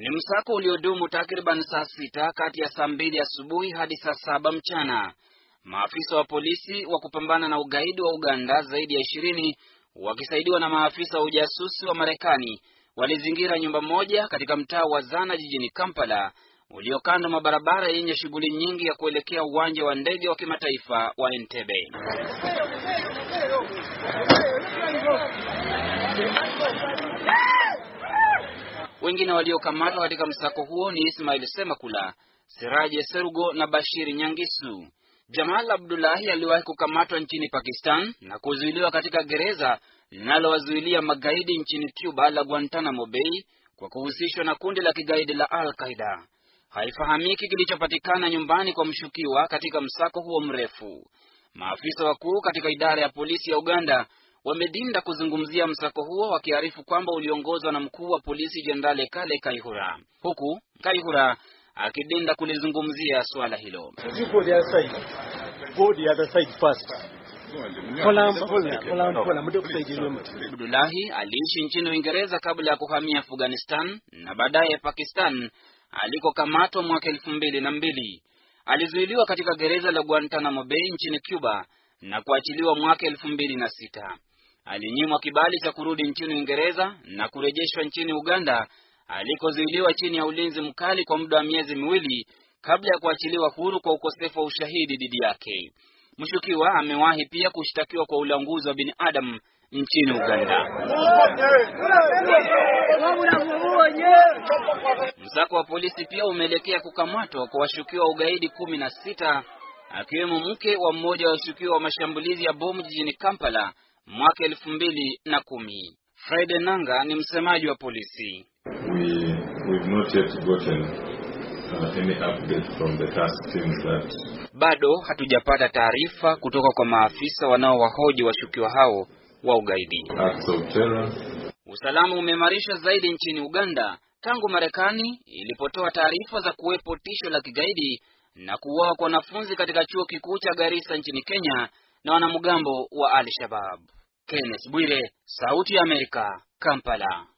Ni msako uliodumu takriban saa sita kati ya saa mbili asubuhi hadi saa saba mchana. Maafisa wa polisi wa kupambana na ugaidi wa Uganda zaidi ya ishirini wakisaidiwa na maafisa wa ujasusi wa Marekani walizingira nyumba moja katika mtaa wa Zana jijini Kampala uliokando mwa barabara yenye shughuli nyingi ya kuelekea uwanja wa ndege wa kimataifa wa Entebbe. Wengine waliokamatwa katika msako huo ni Ismail Semakula, Siraje Serugo na Bashiri Nyangisu. Jamal Abdullahi aliwahi kukamatwa nchini Pakistan na kuzuiliwa katika gereza linalowazuilia magaidi nchini Cuba la Guantanamo Bay kwa kuhusishwa na kundi la kigaidi la Al-Qaida. Haifahamiki kilichopatikana nyumbani kwa mshukiwa katika msako huo mrefu. Maafisa wakuu katika idara ya polisi ya Uganda wamedinda kuzungumzia msako huo wakiarifu kwamba uliongozwa na mkuu wa polisi Jenerali Kale Kaihura, huku Kaihura akidinda kulizungumzia suala hilo. Abdulahi aliishi nchini Uingereza kabla ya kuhamia Afghanistan na baadaye Pakistan alikokamatwa mwaka elfu mbili na mbili. Alizuiliwa katika gereza la Guantanamo Bay nchini Cuba na kuachiliwa mwaka elfu mbili na sita alinyimwa kibali cha kurudi nchini Uingereza na kurejeshwa nchini Uganda alikozuiliwa chini ya ulinzi mkali kwa muda wa miezi miwili kabla ya kuachiliwa huru kwa ukosefu wa ushahidi dhidi yake. Mshukiwa amewahi pia kushtakiwa kwa ulanguzi wa binadamu nchini Uganda. Msako wa polisi pia umeelekea kukamatwa kwa washukiwa wa ugaidi kumi na sita akiwemo mke wa mmoja wa washukiwa wa mashambulizi ya bomu jijini Kampala mwaka elfu mbili na kumi. Fred Nanga ni msemaji wa polisi. We, uh, bado hatujapata taarifa kutoka kwa maafisa wanaowahoji washukiwa hao wa ugaidi. Usalama umeimarisha zaidi nchini Uganda tangu Marekani ilipotoa taarifa za kuwepo tisho la kigaidi na kuuawa kwa wanafunzi katika chuo kikuu cha Garissa nchini Kenya na wanamgambo wa Al-Shabaab. Kenneth Bwire, Sauti ya Amerika, Kampala.